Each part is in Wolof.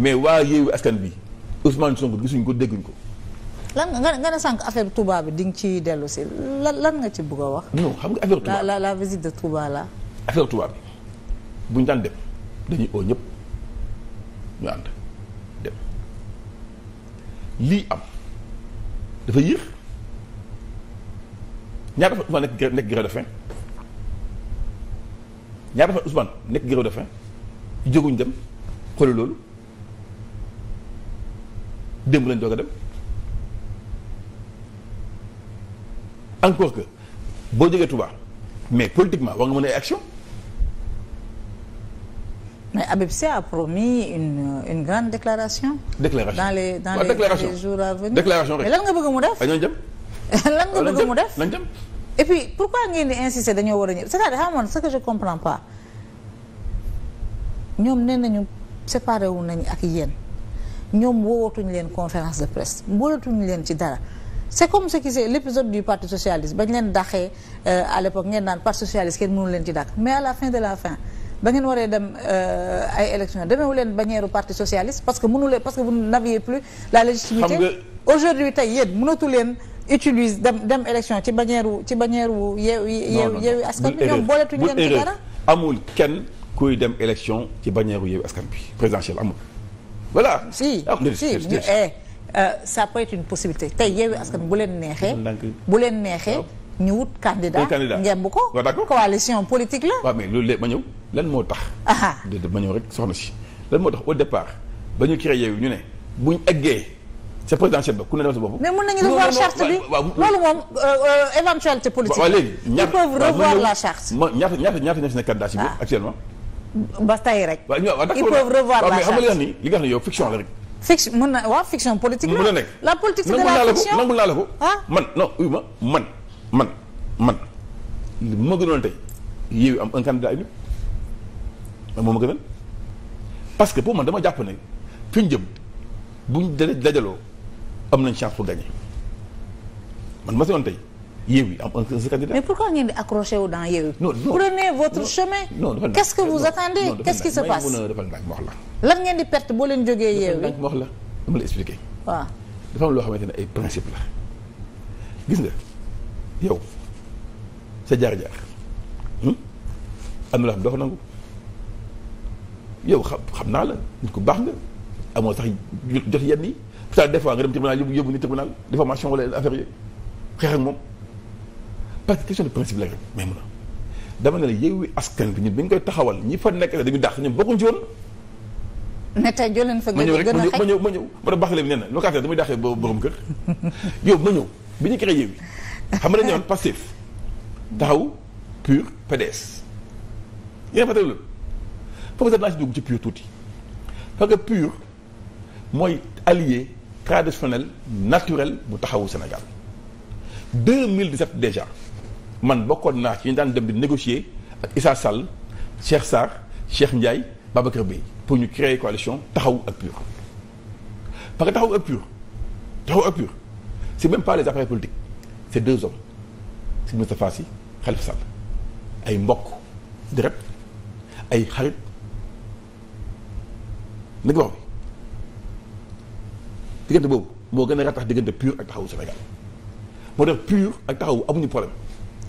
mais waa yeewu askan bi Ousmane Sonko gisuñ ko dégguñ ko. lan nga nga ne sànq affaire Touba bi di nga ciy dellu si lan lan nga ci bëgg a wax. non xam nga affaire Touba la la visite de Touba la. affaire buñ daan dem dañuy oo ñëpp ñu ànd dem lii am dafa yéex ñaata fa Ousmane nekk nekk grève de faim ñaata fa nekk grève de faim dem xooli loolu. démb lañ doog a dem encore que boo jógee Touba mais politiquement war nga mën ay action mais Habib Sy a promis une une grande déclaration. déclaration dans les dans les, les jours à venir déclaration rek mais lan nga bëgg mu def. dañoo jëm. lan nga bëgg mu def lan jëm et puis pourquoi ngeen di insister dañoo war a ñëw c'est-à-dire xam ah, nga ce que je comprends pas ñoom nee nañu séparé ak yéen. ñoom woowatuñu leen conférence de presse boolatuñu leen ci dara c'est comme ce qui c'est l'épisode du parti socialiste bañ leen daxee euh, à l'époque ngeen naan parti socialiste kenn mënu leen ci dàq mais à la fin de la fin ba ngeen waree dem euh, ay élections demeewu leen bannière parti socialiste parce que mënu leen parce que vous n'aviez plus la légitimité aujourd'hui tey yéen mënatu leen utilise dem dem élection ci bannière ci bannière wu yeew yeew yeewu askan bi ñoom booletuñu dara amul kenn kuy dem élection ci bannière yeewu askan bi présidentielle voilà si ah, sa ñu eh euh, ça peut être une possibilité tey yeewi askan bu leen neexee bu leen neexee ñu wut candidat ngemb ko coalition politique la waaw mais loolu léegi ma ñëw lan moo tax déedéet ma ñëw rek soxna si lan moo tax o départ ba ñu créé yeewi ñu ne buñ eggee sa présidentielle ba ku ne def sa bopp mais mën nañu revoir charte bi loolu moom euh, euh, éventualité politique waaw léegi ñaata ils peuvent revoir la charte ñaata ñaata ñaata ñaata si ne candidat si ah. biir actuellement ba tey rek. waaw ils peuvent revoir la charte mais xam li nga xam ne yow fiction la rek. fiction mën na waaw fiction politique la. mën na nekk la politique c'est de la fiction nangul naa la ko ah? man non uy ma man man man li ma gënoon am un candidat unique man parce que pour man dama jàpp ne fi ñu jëm buñ dajaloo am nañ chance pour gagner man ma si woon tey. Yewwi am un candidat. mais pourquoi ngeen di accroché wu dans Yewwi. non prenez votre chemin. non non qu'est-ce que vous attendez qu'est-ce qui se lan ngeen di perte boo leen jógee Yewwi. dafa wax la la expliqué. waaw dafa loo xamante ne ay principe gis nga yow sa jaar-jaar hmm? na loo xam doo ko nangu yow xam xam naa la nit ku baax nga amoo sax jot yenn yi pourtant des fois nga dem tribunal yóbbu yóbbu ni tribunal diffamation wala affaire yooyu xeex ak moom. parce que question de principe la rek mais mun a dama ne la Yewwi Askan bi ñun bi ñu koy taxawal ñi fa nekk la dañu dàq ñoom bokkuñ ci woon ne tey jëloon fa gën a xëy ma ñëw ma ñëw ma baax leen nee na locataire damay daaxee borom kër yow ma ñëw bi ñu créé Yewwi xam nga dañu ñëwoon Pastef taxaw pur PDS yéen fa tawloon foofu sax naa si dugg ci pur tuuti parce que pur mooy allié traditionnel naturel bu taxawu Sénégal 2017 déjà man bokkoon naa ci ñu daan dem di négocier ak Issa Sall Cheikh Sarr Cheikh Ndiaye Babacar bi pour ñu créer coalition taxaw ak pur parce que taxaw ak pur taxaw ak pur c'est même pas les appareils politiques c'est deux hommes si Moustapha Sy Khalifa Sall ay mbokk deret ay xarit nag wax boobu moo gën a ratax diggante pur ak taxawu Sénégal moo tax pur ak taxawu amuñu problème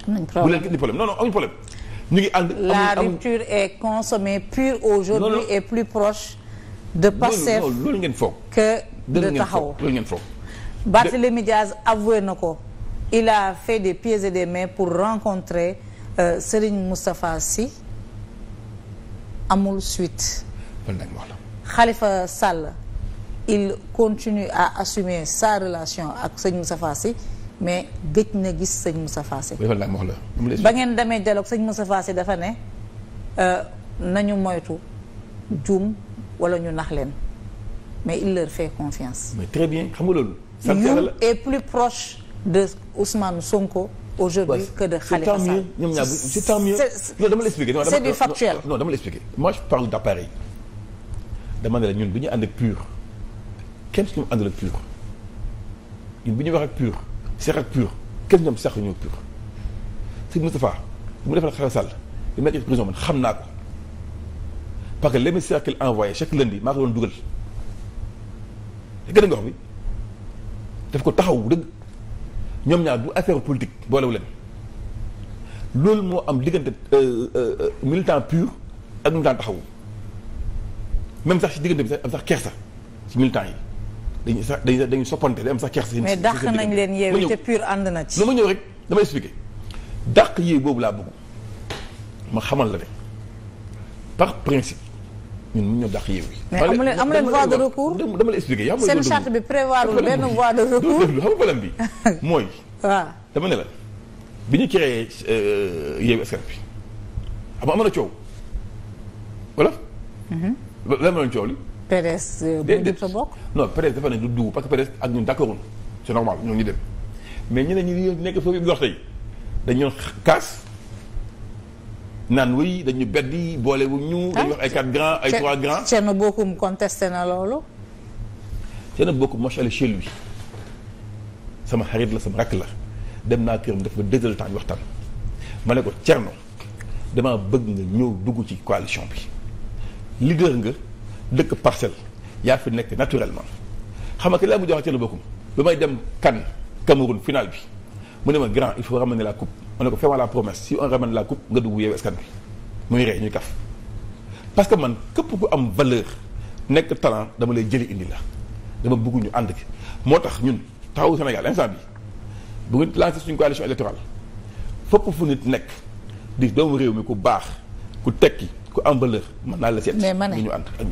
bu leen indi problème non non la rupture est consommée pure aujourd'hui et plus proche de Pastef loolu ngeen foog que de Taxawu loolu ngeen foog na ko il a fait des pieds et des mains pour rencontrer euh, Serigne Moustapha Sy amul suite Khalifa Sall il continue à assumer sa relation ak Serigne Moustapha Sy mais gëj na gis sañ sëñ Moussa Fassé ba ngeen demee dialogue sëñ Moussa Fassé dafa ne euh, nañu moytu juum wala ñu nax leen mais il leur fait confiance. mais très bien xam nga loolu. Youm est plus proche de Ousmane Sonko. aujourd'hui que de Khalifa Sall. c'est tant mieux non dama l'expliquer. c'est du factuel non dama l'expliquer. moi je parle d'appareil dama ne la ñun bu ñu ànd ak pur kenn suñu àndul ak pur ñun bu ñu wax ak pur. Cheikh ak pur kenn ñoom Cheikh ñoo pur sëñ Moustapha mu defal xel sàll li may nekk prison man xam naa ko parce que les messages qu'il envoyé chaque lundi maa ko doon dugal gën a bi daf ko taxaw dëgg ñoom ñaar bu affaire politique boolewu leen loolu moo am diggante euh, euh, militant pur ak militant taxaw même sax si diggante bi sax am sax kersa ci militant yi dañuy sax dañuy dañuy soppante day am sax kersa. mais dàq nañ leen yeewi te pur ànd na ci. dama ñëw rek damay expliquer dàq yeewi boobu laa bëgg ma xamal la ne par principe ñun mun ñoo dàq yeewi. mais amu leen amu leen voie de recours dama la expliquer yaa seen charte bi prévoir benn voie de recours xam bi mooy. waaw dama ne la bi ñu créé euh, yeewi askan bi xam nga na coow wala. Mhm. lan ma doon coow li. PDS. Euh, déedéet sa bokk. non PDS dafa ne du dugg parce que ak ñu d'accord c'est normal ñoo ñu dem mais ñeneen ñu nekk foofu gox tey dañu kaas naan wuy dañu beddi boole wu ñu. dañu ah, wax ay quatre grands ay trois grands. Thierno Bocoum contesté na loolu. Thierno Bocoum macha allah sama xarit la sama la dem naa këram dafa deux heures de temps ñu waxtaan ma ne ko Thierno damaa bëgg nga ñëw dugg ci coalition bi leader nga. dëkk parcelle yaa fi nekk naturellement xam nga ki laa mujj wax ci la bokkum ba may dem kan Cameroun final bi mu ne ma grand il faut ramener la coupe on ne ko fais-moi la promesse si on ramène la coupe nga dugg Yewwi Askan Wi muy rey ñuy kaf parce que man képp ku am valeur nekk talent dama lay jëli indi la dama bugguñu ànd ki moo tax ñun taxawu Sénégal instant bi bu ñu lancé suñu coalition électorale fépp fu nit nekk di doomu réew mi ku baax ku tekki ku am valeur mën naa la seet. mais ñu ànd